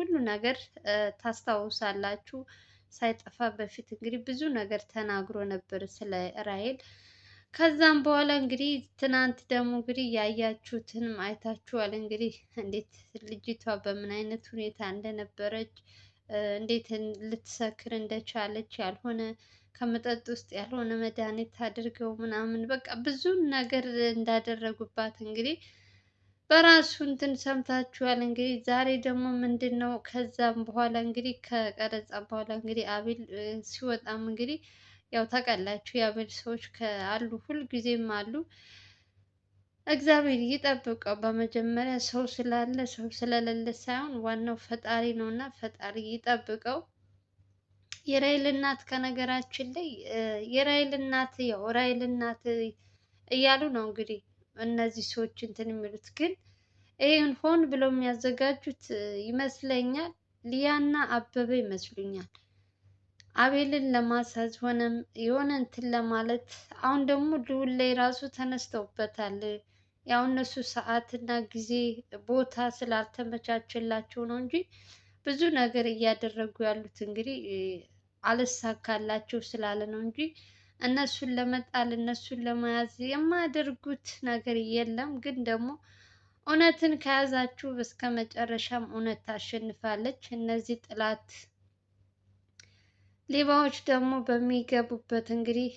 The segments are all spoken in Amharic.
ሁሉ ነገር ታስታውሳላችሁ። ሳይጠፋ በፊት እንግዲህ ብዙ ነገር ተናግሮ ነበር ስለ ራሄል። ከዛም በኋላ እንግዲህ ትናንት ደግሞ እንግዲህ ያያችሁትንም አይታችኋል። እንግዲህ እንዴት ልጅቷ በምን አይነት ሁኔታ እንደነበረች እንዴት ልትሰክር እንደቻለች ያልሆነ ከመጠጥ ውስጥ ያልሆነ መድኃኒት አድርገው ምናምን በቃ ብዙ ነገር እንዳደረጉባት እንግዲህ በራሱ እንትን ሰምታችኋል። እንግዲህ ዛሬ ደግሞ ምንድን ነው ከዛም በኋላ እንግዲህ ከቀረጻ በኋላ እንግዲህ አቤል ሲወጣም እንግዲህ ያው ታውቃላችሁ የአቤል ሰዎች አሉ፣ ሁልጊዜም አሉ። እግዚአብሔር ይጠብቀው። በመጀመሪያ ሰው ስላለ ሰው ስለሌለ ሳይሆን ዋናው ፈጣሪ ነው እና ፈጣሪ ይጠብቀው። የራይል እናት ከነገራችን ላይ የራይል እናት ያው ራይል እናት እያሉ ነው እንግዲህ እነዚህ ሰዎች እንትን የሚሉት ግን ይህን ሆን ብለው የሚያዘጋጁት ይመስለኛል። ሊያና አበበ ይመስሉኛል። አቤልን ለማሳዝ ሆነም የሆነ እንትን ለማለት አሁን ደግሞ ልዑል ላይ ራሱ ተነስተውበታል። ያው እነሱ ሰዓትና ጊዜ ቦታ ስላልተመቻቸላቸው ነው እንጂ ብዙ ነገር እያደረጉ ያሉት እንግዲህ አልሳካላቸው ስላለ ነው እንጂ እነሱን ለመጣል እነሱን ለመያዝ የማያደርጉት ነገር የለም። ግን ደግሞ እውነትን ከያዛችሁ እስከ መጨረሻም እውነት ታሸንፋለች። እነዚህ ጥላት ሌባዎች ደግሞ በሚገቡበት እንግዲህ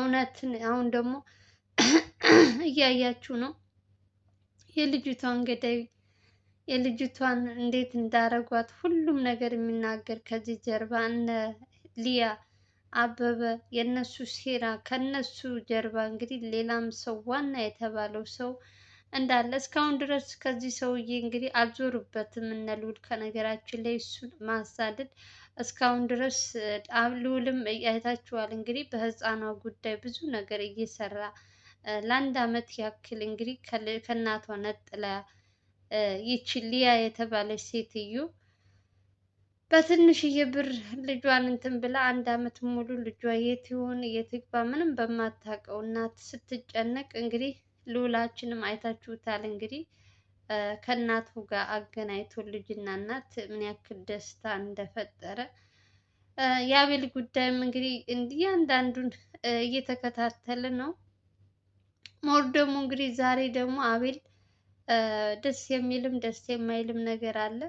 እውነትን አሁን ደግሞ እያያችሁ ነው የልጅቷን ገዳይ የልጅቷን እንዴት እንዳረጓት ሁሉም ነገር የሚናገር ከዚህ ጀርባ እነ ሊያ አበበ የነሱ ሴራ ከነሱ ጀርባ እንግዲህ ሌላም ሰው ዋና የተባለው ሰው እንዳለ እስካሁን ድረስ ከዚህ ሰውዬ እንግዲህ አልዞሩበትም። እነ ልዑል ከነገራችን ላይ እሱን ማሳደድ እስካሁን ድረስ ልዑልም አይታችኋል እንግዲህ በህፃኗ ጉዳይ ብዙ ነገር እየሰራ ለአንድ ዓመት ያክል እንግዲህ ከእናቷ ነጥላ ይቺ ሊያ የተባለች ሴትዮ በትንሽዬ ብር ልጇን እንትን ብላ አንድ አመት ሙሉ ልጇ የት ይሆን የት ይግባ ምንም በማታውቀው እናት ስትጨነቅ እንግዲህ ልዑላችንም አይታችሁታል እንግዲህ ከእናቱ ጋር አገናኝቶ ልጅና እናት ምን ያክል ደስታ እንደፈጠረ የአቤል ጉዳይም እንግዲህ እያንዳንዱን እየተከታተለ ነው። ሞር ደግሞ እንግዲህ ዛሬ ደግሞ አቤል ደስ የሚልም ደስ የማይልም ነገር አለ።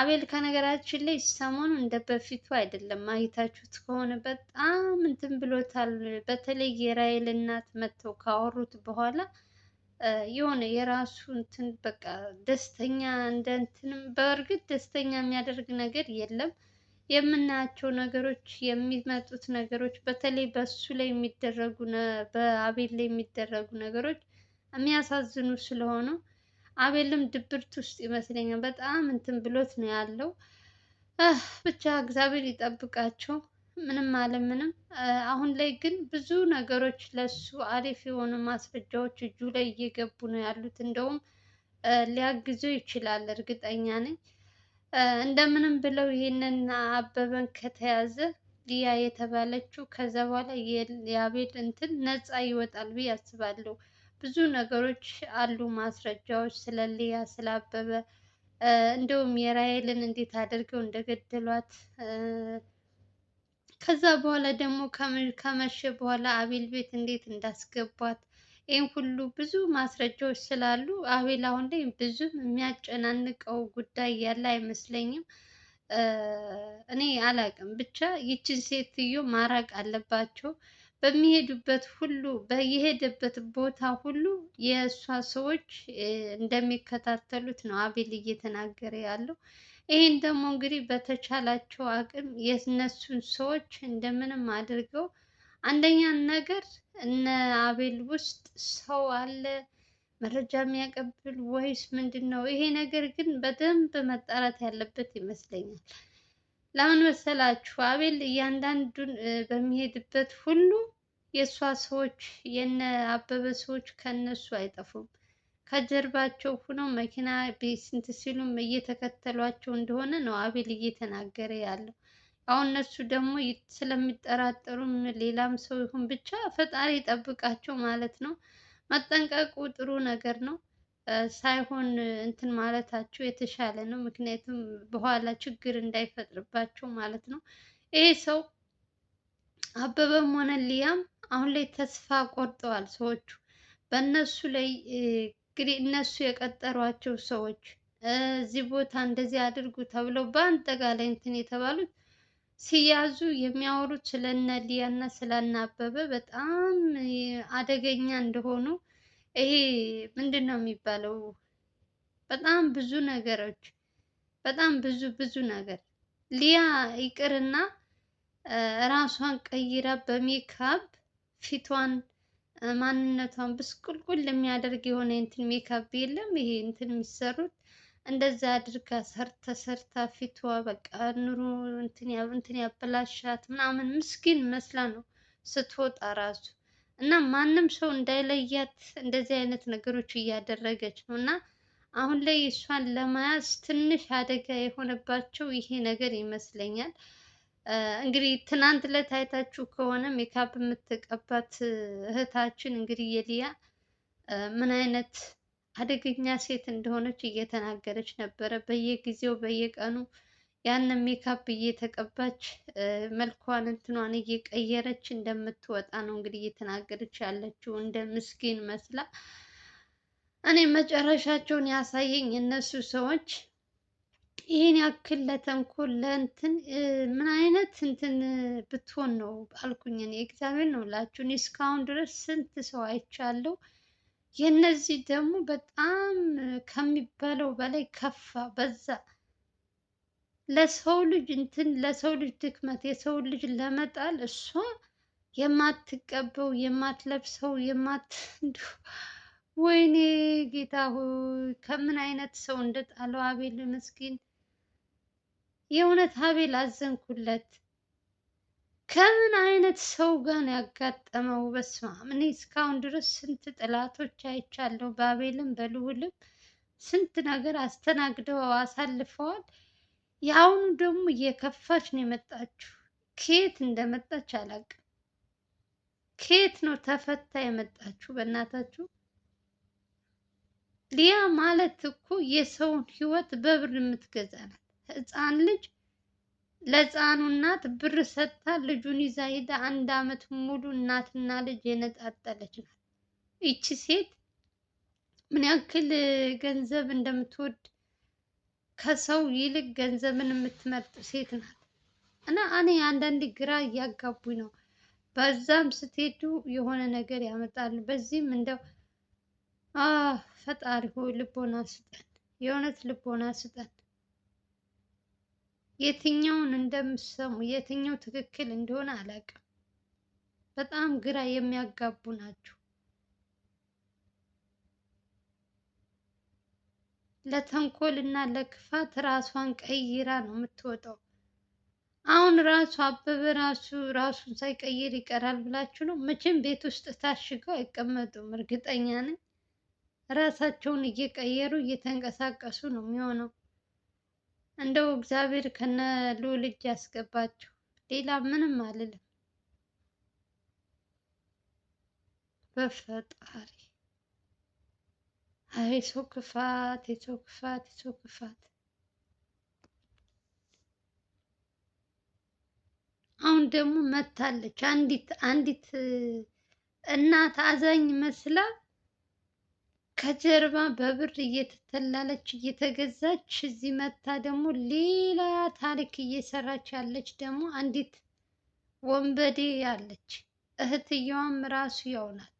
አቤል ከነገራችን ላይ ሰሞኑ እንደ በፊቱ አይደለም። ማየታችሁት ከሆነ በጣም እንትን ብሎታል። በተለይ የራሔል እናት መጥተው ካወሩት በኋላ የሆነ የራሱ እንትን በቃ ደስተኛ እንደ እንትንም በእርግጥ ደስተኛ የሚያደርግ ነገር የለም። የምናያቸው ነገሮች የሚመጡት ነገሮች በተለይ በሱ ላይ የሚደረጉ በአቤል ላይ የሚደረጉ ነገሮች የሚያሳዝኑ ስለሆኑ አቤልም ድብርት ውስጥ ይመስለኛል። በጣም እንትን ብሎት ነው ያለው። ብቻ እግዚአብሔር ይጠብቃቸው። ምንም አለ ምንም። አሁን ላይ ግን ብዙ ነገሮች ለሱ አሪፍ የሆኑ ማስረጃዎች እጁ ላይ እየገቡ ነው ያሉት። እንደውም ሊያግዘው ይችላል፣ እርግጠኛ ነኝ። እንደምንም ብለው ይህንን አበበን ከተያዘ ሊያ የተባለችው ከዛ በኋላ የአቤል እንትን ነፃ ይወጣል ብዬ አስባለሁ። ብዙ ነገሮች አሉ ማስረጃዎች ስለ ሊያ ስለ አበበ እንደውም የራሄልን እንዴት አድርገው እንደገደሏት። ከዛ በኋላ ደግሞ ከመሸ በኋላ አቤል ቤት እንዴት እንዳስገቧት ይህም ሁሉ ብዙ ማስረጃዎች ስላሉ አቤል አሁን ላይ ብዙም የሚያጨናንቀው ጉዳይ ያለ አይመስለኝም። እኔ አላቅም ብቻ ይችን ሴትዮ ማራቅ አለባቸው። በሚሄዱበት ሁሉ በየሄደበት ቦታ ሁሉ የእሷ ሰዎች እንደሚከታተሉት ነው አቤል እየተናገረ ያለው። ይህን ደግሞ እንግዲህ በተቻላቸው አቅም የእነሱን ሰዎች እንደምንም አድርገው አንደኛ ነገር እነ አቤል ውስጥ ሰው አለ መረጃ የሚያቀብል ወይስ ምንድን ነው? ይሄ ነገር ግን በደንብ መጣራት ያለበት ይመስለኛል። ለምን መሰላችሁ? አቤል እያንዳንዱን በሚሄድበት ሁሉ የእሷ ሰዎች የነ አበበ ሰዎች ከነሱ አይጠፉም። ከጀርባቸው ሁነው መኪና ስንት ሲሉም እየተከተሏቸው እንደሆነ ነው አቤል እየተናገረ ያለው። አሁን እነሱ ደግሞ ስለሚጠራጠሩም ሌላም ሰው ይሁን ብቻ ፈጣሪ ይጠብቃቸው ማለት ነው። መጠንቀቁ ጥሩ ነገር ነው። ሳይሆን እንትን ማለታቸው የተሻለ ነው። ምክንያቱም በኋላ ችግር እንዳይፈጥርባቸው ማለት ነው። ይሄ ሰው አበበም ሆነ ሊያም አሁን ላይ ተስፋ ቆርጠዋል ሰዎቹ በእነሱ ላይ እንግዲህ እነሱ የቀጠሯቸው ሰዎች እዚህ ቦታ እንደዚህ አድርጉ ተብለው በአጠቃላይ እንትን የተባሉት ሲያዙ የሚያወሩት ስለነ ሊያ እና ስለነ አበበ በጣም አደገኛ እንደሆኑ ይሄ ምንድን ነው የሚባለው? በጣም ብዙ ነገሮች በጣም ብዙ ብዙ ነገር ሊያ ይቅርና ራሷን ቀይራ በሜካፕ ፊቷን ማንነቷን ብስቁልቁል የሚያደርግ የሆነ እንትን ሜካፕ የለም። ይሄ እንትን የሚሰሩት እንደዛ አድርጋ ሰርተ ሰርታ ፊቷ በቃ ኑሮ እንትን ያበላሻት ምናምን ምስኪን መስላ ነው ስትወጣ ራሱ እና ማንም ሰው እንዳይለያት እንደዚህ አይነት ነገሮች እያደረገች ነው። እና አሁን ላይ እሷን ለመያዝ ትንሽ አደጋ የሆነባቸው ይሄ ነገር ይመስለኛል። እንግዲህ ትናንት ዕለት አይታችሁ ከሆነ ሜካፕ የምትቀባት እህታችን እንግዲህ የሊያ ምን አይነት አደገኛ ሴት እንደሆነች እየተናገረች ነበረ። በየጊዜው በየቀኑ ያንን ሜካፕ እየተቀባች መልኳን እንትኗን እየቀየረች እንደምትወጣ ነው እንግዲህ እየተናገረች ያለችው እንደ ምስኪን መስላ። እኔ መጨረሻቸውን ያሳየኝ እነሱ ሰዎች ይህን ያክል ለተንኮል ለእንትን ምን አይነት እንትን ብትሆን ነው አልኩኝ። እኔ እግዚአብሔር ነው እላችሁ። እኔ እስካሁን ድረስ ስንት ሰው አይቻለሁ። የእነዚህ ደግሞ በጣም ከሚባለው በላይ ከፋ በዛ። ለሰው ልጅ እንትን ለሰው ልጅ ድክመት የሰው ልጅ ለመጣል እሷ የማትቀበው የማትለብሰው የማት ወይኔ ጌታ ሆይ ከምን አይነት ሰው እንደጣለው አቤል ምስኪን። የእውነት አቤል አዘንኩለት። ከምን አይነት ሰው ጋር ነው ያጋጠመው? በስመ አብ። እኔ እስካሁን ድረስ ስንት ጥላቶች አይቻለሁ። በአቤልም በልውልም ስንት ነገር አስተናግደው አሳልፈዋል። የአሁኑ ደግሞ እየከፋች ነው የመጣችው። ከየት እንደመጣች አላውቅም። ከየት ነው ተፈታ የመጣችሁ? በእናታችሁ ሊያ ማለት እኮ የሰውን ህይወት በብር የምትገዛ ናት። ህፃን ልጅ ለህፃኑ እናት ብር ሰጥታ ልጁን ይዛ ሄዳ አንድ አመት ሙሉ እናትና ልጅ የነጣጠለች ናት። ይቺ ሴት ምን ያክል ገንዘብ እንደምትወድ ከሰው ይልቅ ገንዘብን የምትመርጥ ሴት ናት። እና እኔ አንዳንድ ግራ እያጋቡኝ ነው። በዛም ስትሄዱ የሆነ ነገር ያመጣሉ፣ በዚህም እንደው ፈጣሪ ሆይ ልቦና ስጠን፣ የእውነት ልቦና ስጠን። የትኛውን እንደምሰሙ የትኛው ትክክል እንደሆነ አላውቅም። በጣም ግራ የሚያጋቡ ናቸው። ለተንኮል እና ለክፋት ራሷን ቀይራ ነው የምትወጣው። አሁን ራሱ አበበ ራሱ ራሱን ሳይቀይር ይቀራል ብላችሁ ነው? መቼም ቤት ውስጥ ታሽገው አይቀመጡም፣ እርግጠኛ ነኝ። ራሳቸውን እየቀየሩ እየተንቀሳቀሱ ነው የሚሆነው። እንደው እግዚአብሔር ከነ ልዑል እጅ ያስገባቸው። ሌላ ምንም አልልም። በፈጣሪ የሰው ክፋት የሰው ክፋት የሰው ክፋት። አሁን ደግሞ መታለች አንዲት አንዲት እናት አዛኝ መስላ ከጀርባ በብር እየተተላለች እየተገዛች እዚህ መታ ደግሞ ሌላ ታሪክ እየሰራች ያለች ደግሞ አንዲት ወንበዴ ያለች እህትየዋም ራሱ ያው ናት።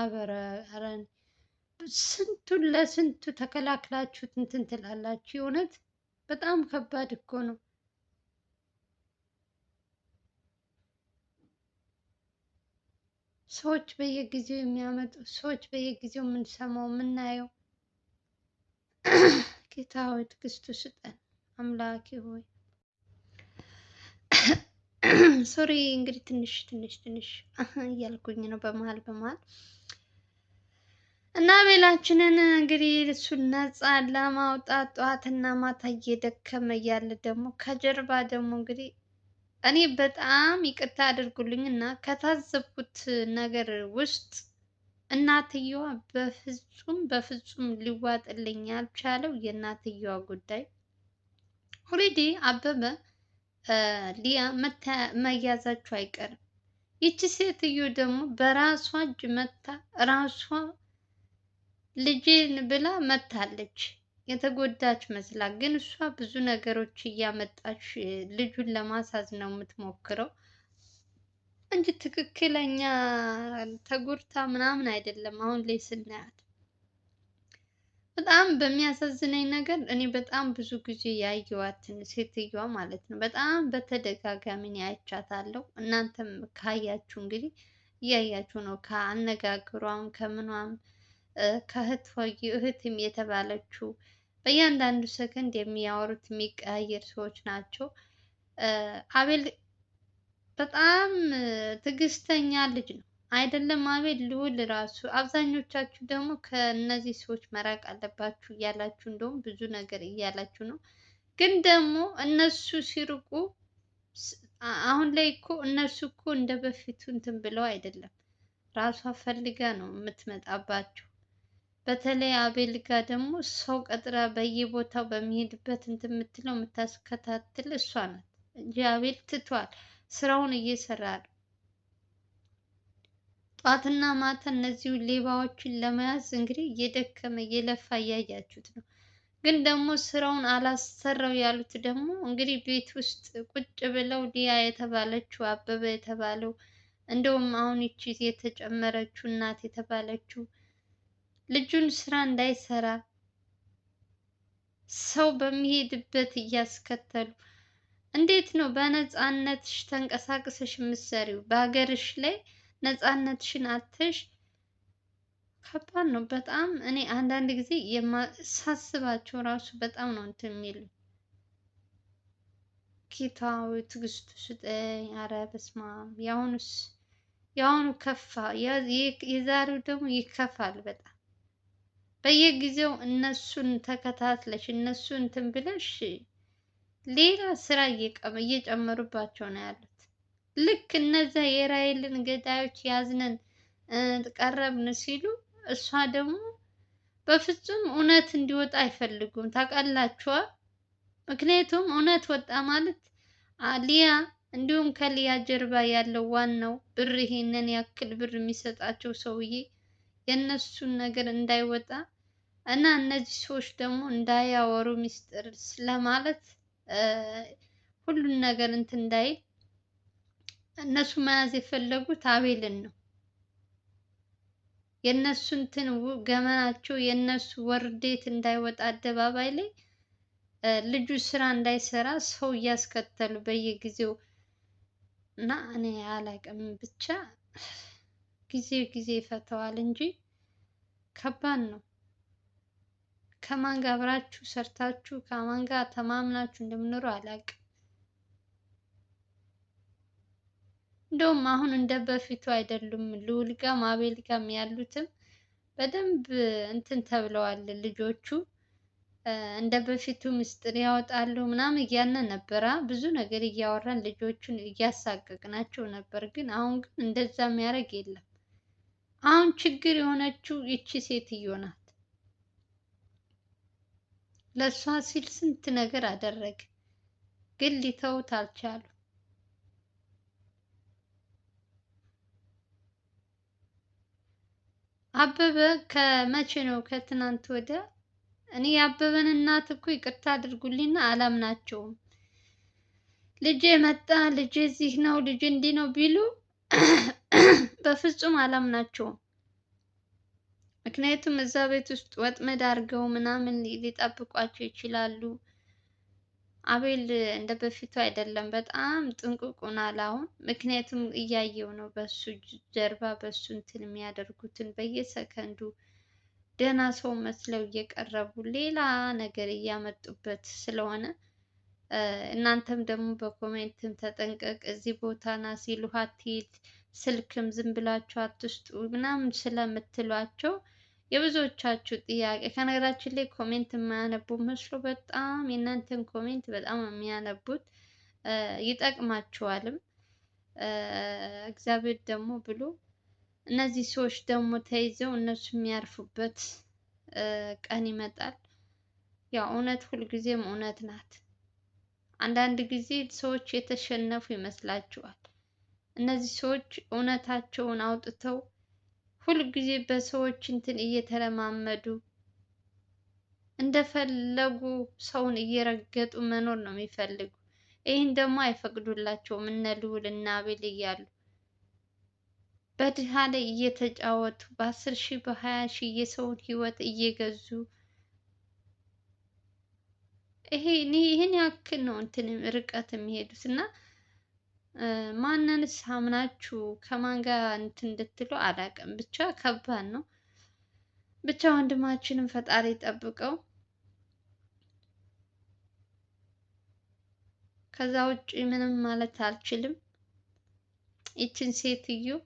አበረረን ስንቱን ለስንቱ ተከላክላችሁ እንትን ትላላችሁ። የእውነት በጣም ከባድ እኮ ነው። ሰዎች በየጊዜው የሚያመጡ ሰዎች በየጊዜው የምንሰማው የምናየው፣ ጌታ ሆይ ትዕግስቱ ስጠን። አምላኪ ሆይ ሶሪ እንግዲህ ትንሽ ትንሽ ትንሽ እያልኩኝ ነው በመሀል በመሀል እና ቤላችንን እንግዲህ እሱን ነፃ ለማውጣት ጠዋትና ማታ እየደከመ እያለ ደግሞ ከጀርባ ደግሞ እንግዲህ እኔ በጣም ይቅርታ አድርጉልኝ እና ከታዘብኩት ነገር ውስጥ እናትየዋ በፍጹም በፍጹም ሊዋጥልኝ ያልቻለው የእናትየዋ ጉዳይ ሁሌዴ አበበ ሊያ መያዛቸው አይቀርም። ይቺ ሴትዮ ደግሞ በራሷ እጅ መታ ራሷ ልጄን ብላ መታለች። የተጎዳች መስላ ግን እሷ ብዙ ነገሮች እያመጣች ልጁን ለማሳዝ ነው የምትሞክረው እንጂ ትክክለኛ ተጎድታ ምናምን አይደለም። አሁን ላይ ስናያት በጣም በሚያሳዝነኝ ነገር እኔ በጣም ብዙ ጊዜ ያየዋትን ሴትዮዋ ማለት ነው በጣም በተደጋጋሚ ያይቻታለሁ። እናንተም ካያችሁ እንግዲህ እያያችሁ ነው። ከአነጋግሯም ከምኗም ከእህት እህትም የተባለችው በእያንዳንዱ ሰከንድ የሚያወሩት የሚቀያየር ሰዎች ናቸው። አቤል በጣም ትዕግስተኛ ልጅ ነው። አይደለም አቤል ልዑል ራሱ። አብዛኞቻችሁ ደግሞ ከእነዚህ ሰዎች መራቅ አለባችሁ እያላችሁ እንደውም ብዙ ነገር እያላችሁ ነው። ግን ደግሞ እነሱ ሲርቁ አሁን ላይ እኮ እነሱ እኮ እንደ በፊቱ እንትን ብለው አይደለም፣ ራሷ ፈልጋ ነው የምትመጣባቸው። በተለይ አቤል ጋ ደግሞ ሰው ቀጥራ በየቦታው በሚሄድበት እንትን የምትለው የምታስከታትል እሷ ናት እንጂ አቤል ትቷል፣ ስራውን እየሰራ ነው። ጧትና ማታ እነዚሁ ሌባዎችን ለመያዝ እንግዲህ እየደከመ እየለፋ እያያችሁት ነው። ግን ደግሞ ስራውን አላሰራው ያሉት ደግሞ እንግዲህ ቤት ውስጥ ቁጭ ብለው ሊያ የተባለችው አበበ የተባለው እንደውም አሁን ይቺ የተጨመረችው እናት የተባለችው ልጁን ስራ እንዳይሰራ ሰው በሚሄድበት እያስከተሉ እንዴት ነው በነፃነትሽ ተንቀሳቅሰሽ የምትሰሪው በሀገርሽ ላይ ነፃነትሽን አትሽ። ከባድ ነው በጣም። እኔ አንዳንድ ጊዜ የማሳስባቸው ራሱ በጣም ነው እንትን የሚሉ ኪታዊ ትግስቱ ስጠኝ። ኧረ በስመ አብ። የአሁኑስ የአሁኑ ከፋ፣ የዛሬው ደግሞ ይከፋል በጣም በየጊዜው እነሱን ተከታትለሽ እነሱን እንትን ብለሽ ሌላ ስራ እየጨመሩባቸው ነው ያሉት። ልክ እነዛ የራይልን ገዳዮች ያዝነን ቀረብን ሲሉ እሷ ደግሞ በፍጹም እውነት እንዲወጣ አይፈልጉም። ታውቃላችኋ። ምክንያቱም እውነት ወጣ ማለት ሊያ እንዲሁም ከሊያ ጀርባ ያለው ዋናው ብር ይሄንን ያክል ብር የሚሰጣቸው ሰውዬ የእነሱን ነገር እንዳይወጣ እና እነዚህ ሰዎች ደግሞ እንዳያወሩ ሚስጥር ስለማለት ሁሉን ነገር እንትን እንዳይል እነሱ መያዝ የፈለጉት አቤልን ነው። የእነሱ እንትን ገመናቸው የእነሱ ወርዴት እንዳይወጣ አደባባይ ላይ ልጁ ስራ እንዳይሰራ ሰው እያስከተሉ በየጊዜው እና እኔ አላቅም ብቻ ጊዜ ጊዜ ይፈተዋል እንጂ ከባድ ነው። ከማን ጋር አብራችሁ ሰርታችሁ ከማን ጋር ተማምናችሁ እንደምኖረው አላቅም። እንደውም አሁን እንደ በፊቱ አይደሉም። ልዑል ጋም አቤል ጋም ያሉትም በደንብ እንትን ተብለዋል ልጆቹ እንደ በፊቱ ምስጢር ያወጣሉ ምናምን እያነ ነበረ። ብዙ ነገር እያወራን ልጆቹን እያሳቀቅናቸው ነበር። ግን አሁን ግን እንደዛ የሚያደርግ የለም። አሁን ችግር የሆነችው ይቺ ሴትዮ ናት። ለእሷ ሲል ስንት ነገር አደረገ፣ ግን ሊተውት አልቻሉ። አበበ ከመቼ ነው? ከትናንት ወደ እኔ የአበበን እናት እኮ ይቅርታ አድርጉልኝና አላምናቸውም። ልጄ መጣ፣ ልጄ እዚህ ነው፣ ልጄ እንዲህ ነው ቢሉ በፍጹም አላምናቸውም። ምክንያቱም እዛ ቤት ውስጥ ወጥመድ አድርገው ምናምን ሊጠብቋቸው ይችላሉ። አቤል እንደ በፊቱ አይደለም፣ በጣም ጥንቁቅ ሆኗል አሁን። ምክንያቱም እያየው ነው በሱ ጀርባ በሱ እንትን የሚያደርጉትን በየሰከንዱ ደህና ሰው መስለው እየቀረቡ ሌላ ነገር እያመጡበት ስለሆነ እናንተም ደግሞ በኮሜንትም ተጠንቀቅ፣ እዚህ ቦታ ና ሲሉ አትሂድ፣ ስልክም ዝም ብላችሁ አትስጡ ምናምን ስለምትሏቸው የብዙዎቻችሁ ጥያቄ ከነገራችን ላይ ኮሜንት የማያነቡ መስሎ በጣም የእናንተን ኮሜንት በጣም የሚያነቡት ይጠቅማችኋልም። እግዚአብሔር ደግሞ ብሎ እነዚህ ሰዎች ደግሞ ተይዘው እነሱ የሚያርፉበት ቀን ይመጣል። ያው እውነት ሁልጊዜም እውነት ናት። አንዳንድ ጊዜ ሰዎች የተሸነፉ ይመስላችኋል። እነዚህ ሰዎች እውነታቸውን አውጥተው ሁልጊዜ በሰዎች እንትን እየተለማመዱ እንደፈለጉ ሰውን እየረገጡ መኖር ነው የሚፈልጉ። ይህን ደግሞ አይፈቅዱላቸውም። እነ ልዑል እና አቤል እያሉ በድሃ ላይ እየተጫወቱ በአስር ሺህ በሀያ ሺህ የሰውን ህይወት እየገዙ ይህን ያክል ነው እንትን ርቀት የሚሄዱት እና ማንንስ አምናችሁ ከማን ጋር እንትን እንድትሉ አላውቅም። ብቻ ከባድ ነው። ብቻ ወንድማችንም ፈጣሪ ጠብቀው። ከዛ ውጭ ምንም ማለት አልችልም። ይችን ሴትዮ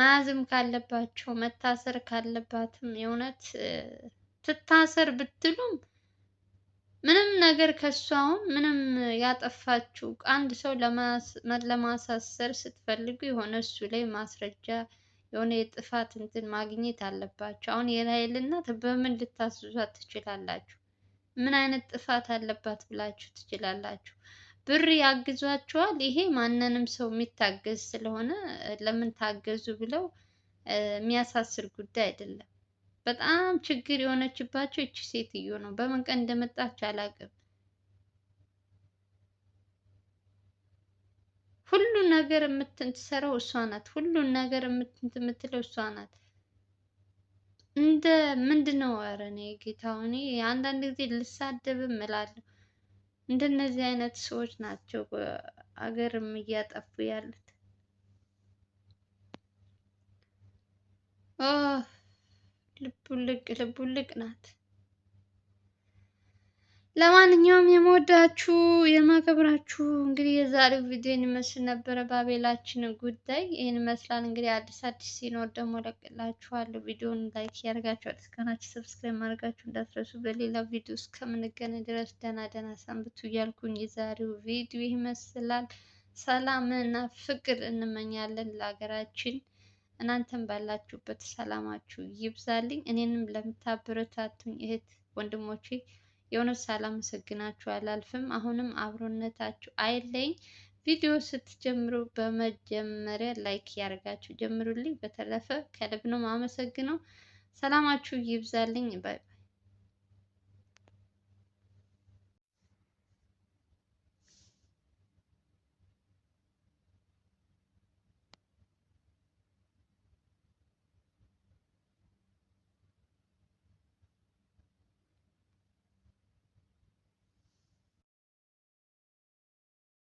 መያዝም ካለባቸው መታሰር ካለባትም የእውነት ትታሰር ብትሉም ምንም ነገር ከሱ አሁን ምንም ያጠፋችው አንድ ሰው ለማሳሰር ስትፈልጉ የሆነ እሱ ላይ ማስረጃ የሆነ የጥፋት እንትን ማግኘት አለባቸው። አሁን የናይል እናት በምን ልታስዟት ትችላላችሁ? ምን አይነት ጥፋት አለባት ብላችሁ ትችላላችሁ? ብር ያግዟቸዋል። ይሄ ማንንም ሰው የሚታገዝ ስለሆነ ለምን ታገዙ ብለው የሚያሳስር ጉዳይ አይደለም። በጣም ችግር የሆነችባቸው እቺ ሴትዮ ነው። በምን ቀን እንደመጣች አላውቅም። ሁሉ ነገር የምትሰራው እሷ ናት። ሁሉን ነገር የምትለው እሷ ናት። እንደ ምንድን ነው? ኧረ እኔ ጌታ ሆኔ አንዳንድ ጊዜ ልሳደብም እላለሁ። እንደነዚህ አይነት ሰዎች ናቸው አገርም እያጠፉ ያሉት። ልቡልቅ ልቡልቅ ናት። ለማንኛውም የመወዳችሁ የማከብራችሁ እንግዲህ የዛሬው ቪዲዮ ይመስል ነበረ። ባቤላችን ጉዳይ ይህን ይመስላል። እንግዲህ አዲስ አዲስ ሲኖር ደግሞ ለቅላችኋለሁ። ቪዲዮን ላይክ ያደርጋችሁ አዲስ ከሆናችሁ ሰብስክራይብ ማድረጋችሁ እንዳትረሱ። በሌላ ቪዲዮ እስከምንገናኝ ድረስ ደህና ደህና ሰንብቱ እያልኩኝ የዛሬው ቪዲዮ ይመስላል። ሰላምና ፍቅር እንመኛለን ለሀገራችን። እናንተም ባላችሁበት ሰላማችሁ ይብዛልኝ። እኔንም ለምታበረታቱኝ እህት ወንድሞቼ የእውነት ሳላመሰግናችሁ አላልፍም። አሁንም አብሮነታችሁ አይለኝ። ቪዲዮ ስትጀምሩ በመጀመሪያ ላይክ ያደርጋችሁ ጀምሩልኝ። በተረፈ ከልብ ነው ማመሰግነው። ሰላማችሁ ይብዛልኝ።